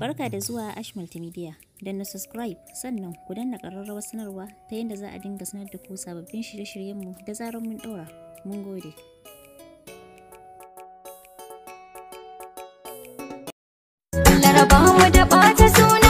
Barka da zuwa Ash Multimedia. Don na subscribe sannan ku danna ƙararrawar sanarwa ta yadda za a dinga sanar da ku sababbin shirye-shiryenmu da zarar mun ɗora. Mun gode. Laraba mu da ɓata suna.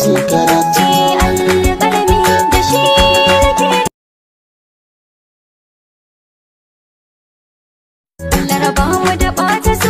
su karatu Larabawa da ɓata su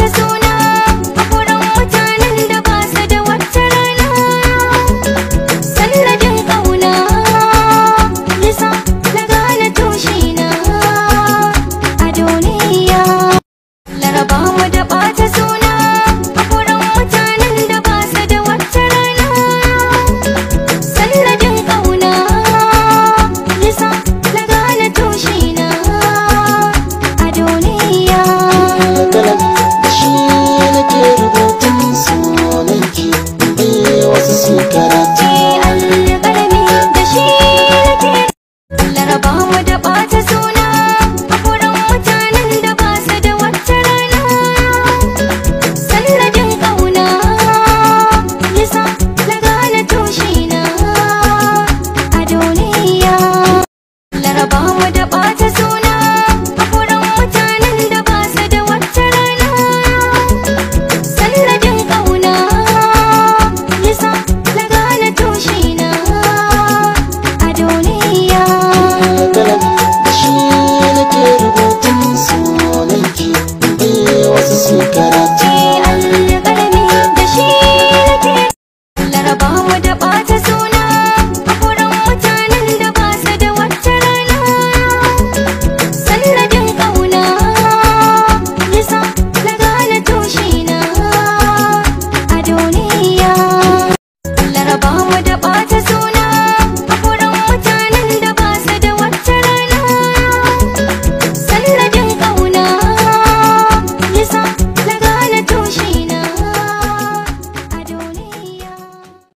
Sukara